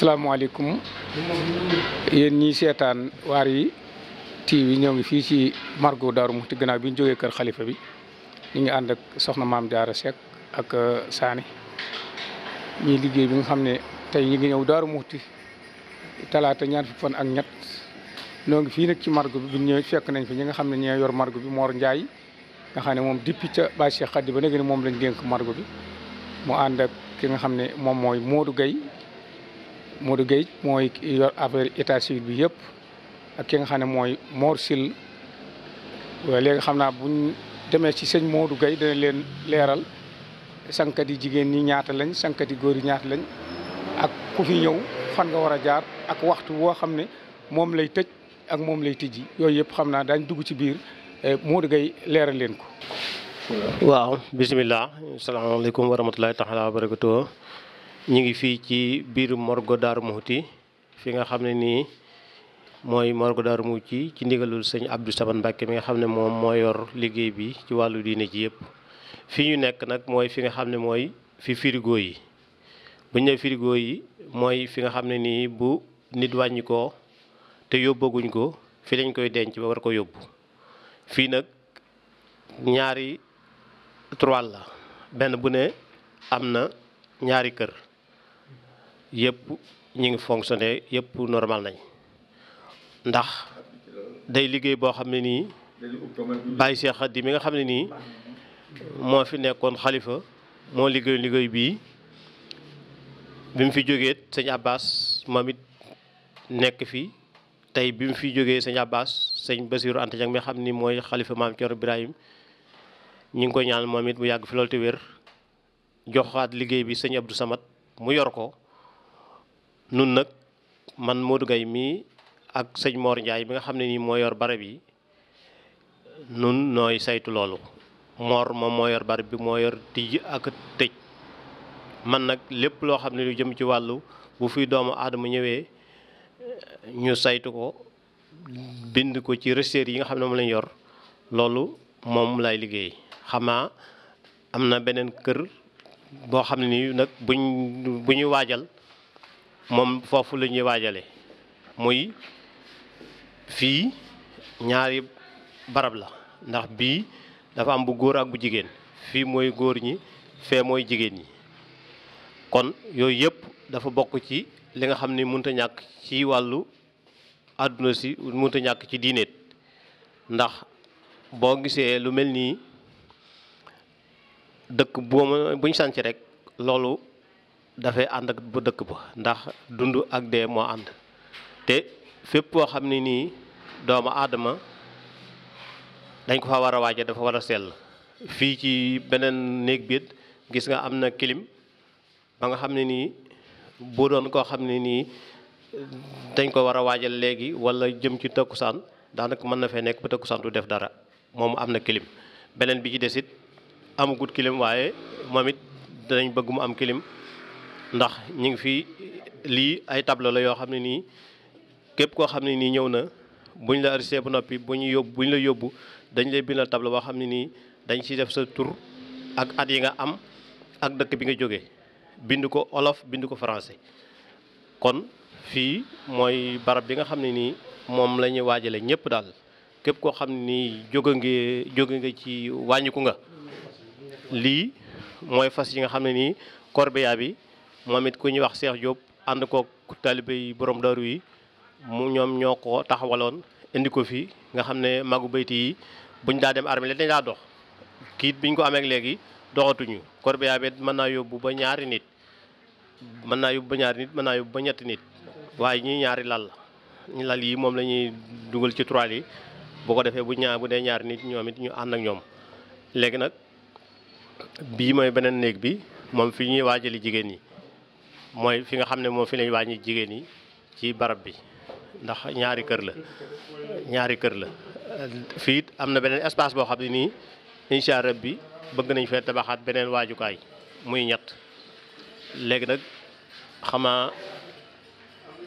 asalaamaaleykum yéen ñii seetaan Waarwi yi ñoo ngi fii ci Margo Daaru Muxti gannaaw bi ñu jógee kër xalifa bi ñu ngi ànd ak soxna maam Diarra Seck ak euh, Sané ñuy liggéey bi nga xam ne tey ñu ngi ñëw Daaru Muxti talaata ñaar fukki fan ak ñett ñoo ngi fii nag ci Margo bi bu ñëwee fekk nañ fi ñi nga xam ne ñoo yor Margo bi Mor Ndiaye nga xam moom depuis ca Baye Cheikh ba léegi moom lañ dénk Margo bi mu ànd ak ki nga xam ne moom mooy moodu Gueye Modou Guèye mooy yor affaire état civil bi yëpp ak ki nga xam ne mooy moor Sil léegi xam naa buñ demee ci sëñ Modou gay dana leen leeral sankat yi jigéen ñi ñaata lañ sankat yi góor yi ñaata lañ ak ku fi ñëw fan nga war a jaar ak waxtu woo xam ne moom lay tëj ak moom lay tijji yooyu yëpp xam naa dañ dugg ci biir eh, Modou Guèye leeral leen ko waaw bisimilah salaamaaleykum wa rahmatulahi taala wa barakatuh ñu ngi fii ci biiru morgo Daaru Muxti fi nga xam ne nii mooy morgo Daaru Muxti ci ndigalul sëñ Abdou Samane Mbacke mi nga xam ne moom moo yor liggéey bi ci wàllu diine ji yëpp fii ñu nekk nag mooy fi nga xam ne mooy fi firigo yi bu ñu firigo yi mooy fi nga xam ne nii bu nit wàññikoo te yóbbaguñ ko fi lañ koy denc ba war ko yóbbu fii nag ñaari trois la benn bu ne am na ñaari kër yëpp ñu ngi fonctionné yëpp normal nañ ndax day liggéey boo xam ne nii Baye Cheikh Khady mi nga xam ne nii moo fi nekkoon xalifa moo liggéey liggéey bii bi mu fi jógee sëñ Abbas moom it nekk fi tey bi mu jógee sëñ Abbas sëñ Basiru Anta mi xam ni mooy xalifa maam Thierno Ibrahim ñu ngi ko ñaan moom it mu yàgg fi loolu te wér joxaat liggéey bi sëñ Abdou Samad mu yor ko nun nag man Modou Gaye mii ak sëñ Mor njaay bi nga xam ne nii moo yor barab yi nun nooy saytu loolu Mor moom moo yor barab bi moo yor tijj ak tëj man nag lépp loo xam ne lu jëm ci wàllu bu fi doomu aadama ñëwee ñu saytu ko bind ko ci registre yi nga xam ne moom lañ yor loolu moom lay liggéey xamaa am na beneen kër boo xam ne nii nag buñ bu ñuy waajal moom foofu la ñuy waajale muy fii ñaari barab la ndax bii dafa am bu góor ak bu jigéen fii mooy góor ñi fee mooy jigéen ñi kon yooyu yëpp dafa bokk ci li nga xam ne mënta ñàkk ci wàllu àdduna si mënta ñàkk ci diineet ndax boo gisee lu mel nii dëkk boo buñ sànc rekk loolu dafay ànd ak bu dëkk ba ndax dund ak dee moo ànd te fépp boo xam ne nii doomu aadama dañ ko fa war a waaje dafa war a sell fii ci beneen néeg biit gis nga am na kilim ba nga xam ne nii bu doon koo xam ne nii dañ ko war a waajal léegi walla jëm ci takkusaan daanaka mën na fee nekk ba takkusaan du def dara moom am na kilim beneen bi ci desit amugut kilim waaye moom it danañ bëgg mu am kilim ndax ñu ngi fi lii ay table la yoo xam ne nii képp koo xam ne nii ñëw na buñ la arrêté bu noppi bu ñu yóbbu buñ lay yóbbu dañ lay bindal tableau boo xam ne nii dañ ciy def sa tur ak at yi nga am ak dëkk bi nga jóge bind ko olof bind ko français kon fii mooy barab bi nga xam ne nii moom lañuy waajale ñëpp daal képp koo xam ne nii jóge nga jóge nga ci wàññiku nga lii mooy fas yi nga xam ne nii corbillard bi moom it ku ñuy wax Cheikh Diop ànd koog taalibe yi borom daru yi mu ñoom ñoo ko taxawaloon indi ko fii nga xam ne magu bayti yi buñ daa dem armée dañ daa dox kiit biñ ko amee léegi doxatuñu corbillard bi mën naa yóbbu ba ñaari nit mën naa yóbbu ba ñaari nit mën naa ba ñetti nit waaye ñii ñaari lal lal yi moom lañuy dugal ci trois yi bu ko defee bu ñaar bu dee ñaari nit ñoom it ñu ànd ak ñoom léegi nag bii mooy beneen néeg bi moom fi ñuy waajale jigéen ñi mooy fi nga xam ne moom fi lañ wàññi jigéen yi ci barab bi ndax ñaari kër la ñaari kër la fii it am na beneen espace boo xam ne nii incha bi bëgg nañ fee tabaxaat beneen waajukaay muy ñett léegi nag xamaa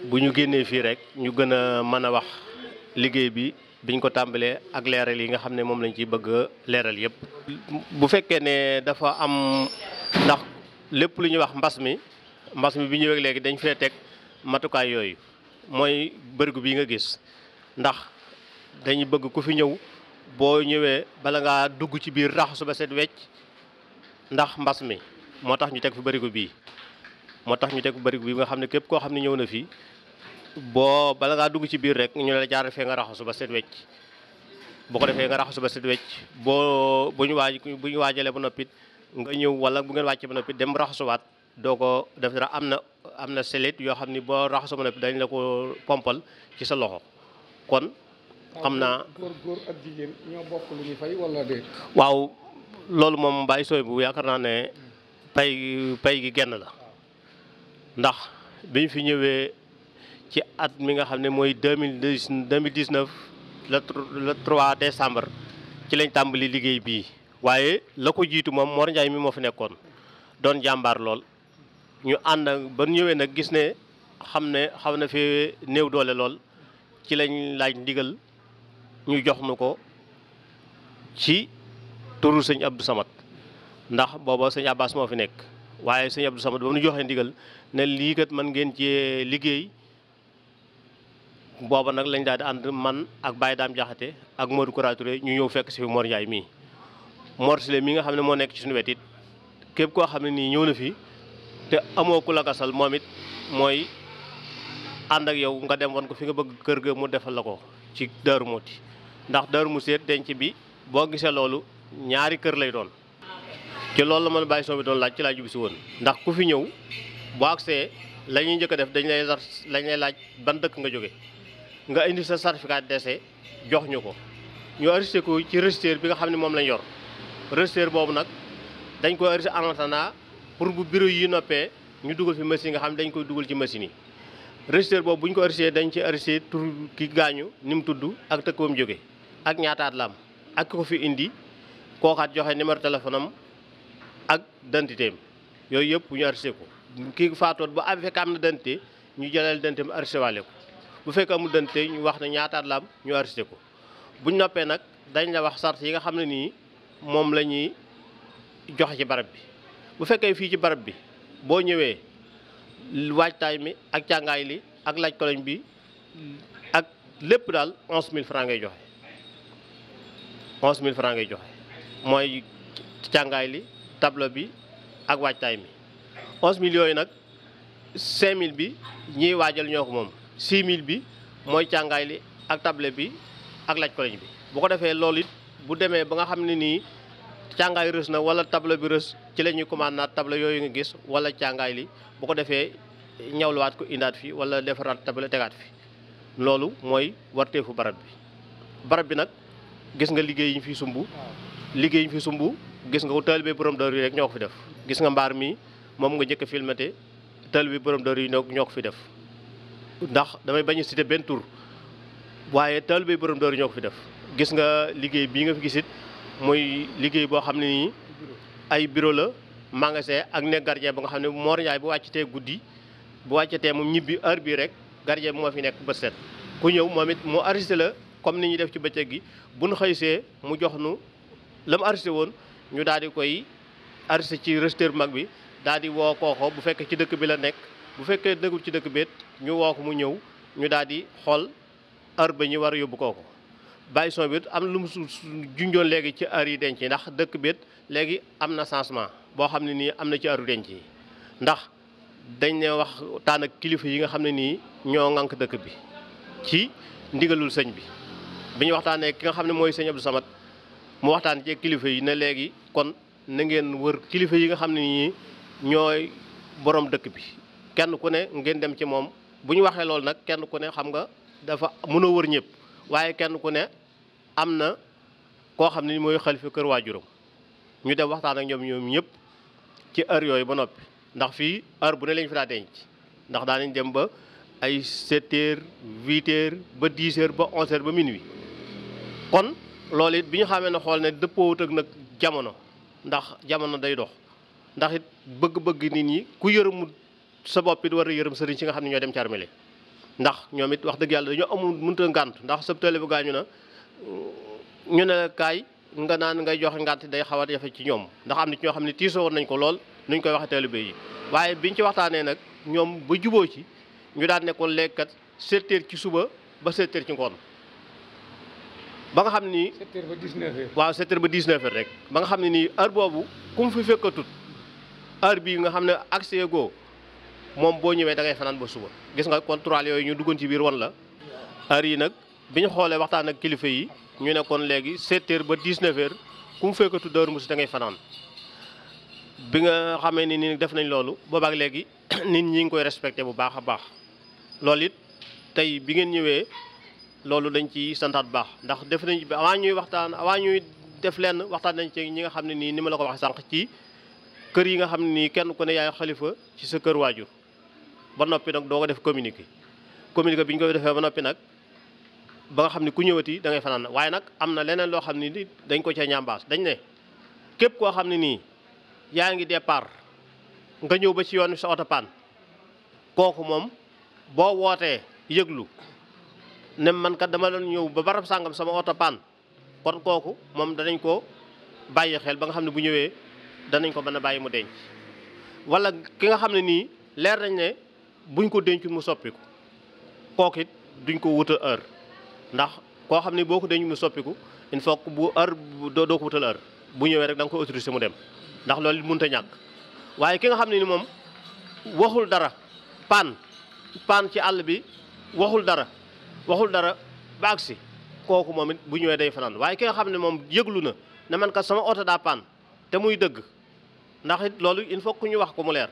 bu ñu génnee fii rek ñu gën a mën a wax liggéey bi biñ ko tàmbalee ak leeral yi nga xam ne moom lañ ci bëgg leeral yépp bu fekkee ne dafa am ndax lépp lu ñuy wax mbas mi mbas mi bi ñëwee léegi dañ fee teg matukaay yooyu mooy bërgu bii nga gis ndax dañu bëgg ku fi ñëw boo ñëwee bala ngaa dugg ci biir raxasu ba set wecc ndax mbas mi moo tax ñu teg fi bërigo bii moo tax ñu teg fi bërigo bii xam ne képp koo xam ne ñëw na fi boo bala ngaa dugg ci biir rek ñu la jaar fee nga raxasu ba set wecc boo ko defee nga raxasu ba set wecc boo bu ñu waaj bu ñu waajalee ba noppit nga ñëw wala bu ngeen wàccee ba noppit dem raxasuwaat doo ko def dara am na am na selit yoo xam ni boo raxasoo ma ne dañ la ko pompal ci sa loxo kon xam naa góor góor waaw loolu moom bàyyi sooy bu yaakaar naa ne pay pay gi genn la ndax biñ fi ñëwee ci at mi nga xam ne mooy deux mille dix deux mille dix neuf le le trois décembre ci lañ tàmbali liggéey bii waaye la ko jiitu moom Mor Ndiaye mi moo fi nekkoon doon jàmbaar lool ñu ànd ak ba ñëwee nag gis ne xam ne xaw na fi néew doole lool ci lañ laaj ndigal ñu jox nu ko ci turu sëñ Abdou Samad ndax booba sëñ Abbas moo fi nekk waaye sëñ Abdou Samad ba mu joxee ndigal ne lii kat man ngeen ci liggéey booba nag lañ daal di ànd man ak Baye daam jaxate ak Modou Kourature ñu ñëw fekk si fi Mor Ndiaye mii Mor Sile mi nga xam ne moo nekk ci suñu wetit képp koo xam ne nii ñëw na fi te amoo ku la gasal moom it mooy ànd ak yow nga dem woon ko fi nga bëgg kër ga mu defal la ko ci Daaru Musti ndax Daaru Musti denc bi boo gisee loolu ñaari kër lay doon ci loolu la ma man bàyyi soo bi doon laaj ci laaj bi si woon ndax ku fi ñëw boo agsee la ñuy njëkk def dañ lay lañ lay laaj ban dëkk nga jóge nga indi sa certificat de jox ñu ko ñu arrêté ko ci registre bi nga xam ne moom lañ yor registre boobu nag dañ ko arrêté en attendant pour bu bureau yi noppee ñu dugal fi machine nga xam dañ koy dugal ci machine yi registre boobu bu ñu ko enregistré dañ ci enregistré tur ki gaañu ni mu tudd ak tëkkoom jóge ak ñaataat ak fi indi kookaat joxe numéro téléphone am ak dentité yooyu yëpp ñu enregistré ko kii faatoot ba am fekk ñu jëlal dentité am enregistré ko bu fekk amul dentité ñu wax ne ñaataat la ñu enregistré ko buñ noppee nag dañ la wax sart yi nga xam ne nii moom la ñuy joxe ci barab bi bu fekkee fii ci barab bi boo ñëwee waajtaay mi ak càngaay li ak laaj koloñ bi ak lépp daal onze mille francs ngay joxe onze mille francs ngay joxe mooy càngaay li table bi ak waajtaay mi onze mille yooyu nag cinq mille bi ñuy waajal ñoo ko moom six mille bi mooy càngaay li ak table bi ak laaj koloñ bi bu ko defee loolu it bu demee ba nga xam ne nii càngaay rës na wala table bi rés ci la ñuy commande naat yooyu nga gis wala càngaay li bu ko defee ñawluwaat ko indaat fi wala defaraat table tegaat fi loolu mooy warteefu barab bi barab bi nag gis nga liggéey yi fi sumb liggéey yi fi sumb gis nga ko taalibe borom dër yi rek ñoo ko fi def gis nga mbaar mi moom nga njëkk a filmate taalibe borom dër yi ñoo ko fi def ndax damay bañ a citer benn tur waaye taalibe borom dër yi ñoo ko fi def gis nga liggéey bii nga fi gisit muy liggéey boo xam ne nii ay biro la magasin ak ne gardien ba nga xam ne Mor Ndiaye bu wàccatee guddi bu wàccatee moom ñibbi heure bii rek gardien bi moo fi nekk ba set ku ñëw moom it mu arrêté la comme ni ñuy def ci bëccëg gi bu nu xëysee mu jox nu la mu arrêté woon ñu daal di koy arrêté ci registre bu mag bi daal di woo kooko bu fekkee ci dëkk bi la nekk bu fekkee dëkkul ci dëkk bi it ñu woo ko mu ñëw ñu daal di xool heure ba ñu war a yóbbu kooko bàyyi son bi am lu mu junjoon léegi ci aar yi denc yi ndax dëkk bi léegi am na changement boo xam ne nii am na ci aaru denc yi ndax dañ ne wax taan ak kilifa yi nga xam ne nii ñoo ŋànk dëkk bi ci ndigalul sëñ bi bi ñu waxtaanee ki nga xam ne mooy sëñ Abdou Samad mu waxtaan kilifa yi ne léegi kon na ngeen wër kilifa yi nga xam ne nii ñooy borom dëkk bi kenn ku ne ngeen dem ci moom bu ñu waxee loolu nag kenn ku ne xam nga dafa mënoo wër ñëpp waaye kenn ku ne am na koo xam ne mooy xalifa kër waajuram ñu dem waxtaan ak ñoom ñoom ñëpp ci heure yooyu ba noppi ndax fii heure bu ne lañ fi daa denc ndax daa nañ dem ba ay 7 heures ba 10 heures ba 11 ba minuit kon loolu it bi ñu xamee ne xool ne dëppoo ak nag jamono ndax jamono day dox ndax it bëgg-bëgg nit ñi ku yërëmul sa bopp it war a yërëm sëriñ ci nga xam ne ñoo dem ci ndax ñoom it wax dëgg yàlla dañoo amul mënta ngànt ndax sëb télé bu gaañu na ñu ne la kaay nga naan ngay joxe ngànt day xaw a jafe ci ñoom ndax am na ci ñoo xam ne tiisoo woon nañ ko lool nuñ koy waxe taalibe yi waaye biñ ci waxtaanee nag ñoom ba juboo ci ñu daan nekkoon lekkat sept heures ci suba ba sept heures ci ngoon ba nga xam ni. sept heures ba dix neuf waaw sept heures ba dix neuf heures rek. ba nga xam ne nii ar boobu ku mu fi fekkatut heure bii nga xam ne accès go moom boo ñëwee dangay fanaan ba suba gis nga contrôle yooyu ñu duggoon ci biir wan la yi bi ñu xoolee waxtaan ak kilifa yi ñu nekkoon léegi 7 ba 19 heures ku mu fekkatu Daaru Muxti da ngay fanaan bi nga xamee ni nii def nañ loolu boobaak léegi nit ñi ngi koy respecté bu baax a baax loolu it tey bi ngeen ñëwee loolu dañ ci santaat bu baax ndax def nañ avant ñuy waxtaan avant ñuy def lenn waxtaan nañ ci ñi nga xam ne nii ni ma la ko waxee sànq ci kër yi nga xam ne nii kenn ku ne yaay xalifa ci sa kër waajur ba noppi nag doo ko def communiqué communiqué bi ñu ko defee ba noppi nag ba nga xam ne ku ñëwati da ngay fanaan waaye nag am na leneen loo xam ne ni dañ ko cee ñambaas dañ ne képp koo xam ne nii yaa ngi départ nga ñëw ba ci yoon wi sa oto kooku moom boo wootee yëglu ne man kat dama doon ñëw ba barab sàngam sama oto paan kon kooku moom danañ ko bàyyi xel ba nga xam ne bu ñëwee danañ ko mën a bàyyi mu denc walla ki nga xam ne nii leer dañ ne buñ ko denc mu soppiku kook it duñ ko wuta heure ndax koo xam ne boo ko dañu mu soppiku il faut que bu heure doo ko wutal heure bu ñëwee rek da nga koy autorisé mu dem ndax loolu it mënut a ñàkk waaye ki nga xam ne ni moom waxul dara paan paan ci àll bi waxul dara waxul dara ba agsi kooku moom it bu ñëwee day fanaan waaye ki nga xam ne moom yëglu na ne man kat sama oto daa paan te muy dëgg ndax it loolu il faut que ñu wax ko mu leer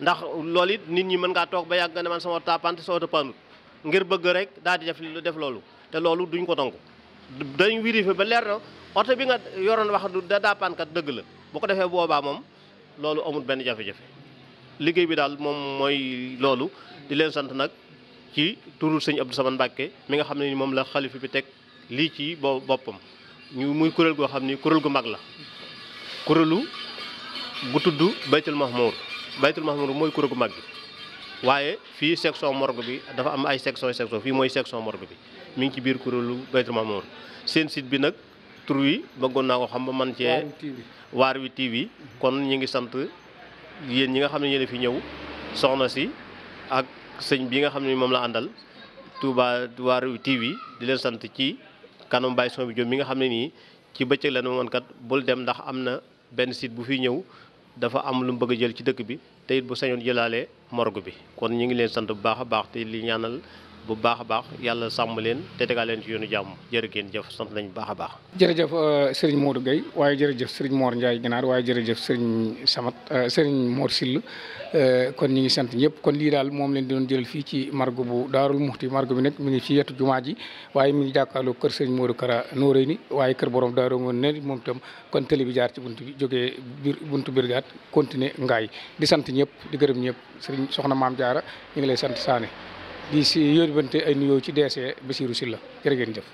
ndax loolu it nit ñi mën ngaa toog ba yàgg ne man sama oto daa paan te sa oto paanut ngir bëgg rek daal di def def loolu te loolu duñ ko nangu dañ vérifier ba leer na oto bi nga yoroon wax du da daapaankat dëgg la bu ko defee boobaa moom loolu amul benn jafe-jafe liggéey bi daal moom mooy loolu di leen sant nag ci turu sëñ Abdou Samane Mbacke mi nga xam ne ni moom la xalifa bi teg lii ci bo boppam ñu muy kuréel goo xam ni kuréel gu mag la kuréelu gu tudd baytul mahmour baytul mahmour mooy kuréel gu mag bi waaye fii section morgue bi dafa am ay section section fii mooy section morgue bi mi ngi ci biir kuréelu Baytul Mamour seen site bi nag tur wi bëggoon naa xam ba man cee waar wi TV kon ñu ngi sant yéen ñi nga xam ne yéen a fi ñëw soxna si ak sëñ bi nga xam ne moom la àndal Touba waar wi yi di leen sant ci kanam Baye Sombi Diop mi nga xam ne nii ci bëccëg la ne woon kat bul dem ndax am na benn site bu fi ñëw dafa am lu bëgg jël ci dëkk bi te it bu sañoon jëlaale morgue bi kon ñu ngi leen sant bu baax a baax te li ñaanal bu baax a baax yàlla sàmm leen te tegal leen ci yoonu jàmm jërë ngeen jëf sant nañu baax a baax. jërëjëf euh, sëriñ Modou gay waaye jërëjëf sëriñ moor Ndiaye Ginaar waaye jërëjëf sëriñ Samat euh, sëriñ Mor Sill euh, kon ñu ngi sant ñëpp kon lii daal moom leen di doon jëlal fii ci margo bu Daarul Muxti margo bi nag mu ngi ci yetu jumaa ji waaye mi ngi jàkkaarloo kër sëriñ Modou Kara Nooré ni waaye kër borom Daaru ngoon ne moom itam kon télé bi jaar ci bunt bi jógee biir buntu Birgaat continuer ngaay di sant ñëpp di gërëm ñëpp sëriñ soxna Maam Jaara ñu ngi lay sant Saane di si yóbbante ay nuyoo ci DG e Bassirou Sylla jërë ngeen def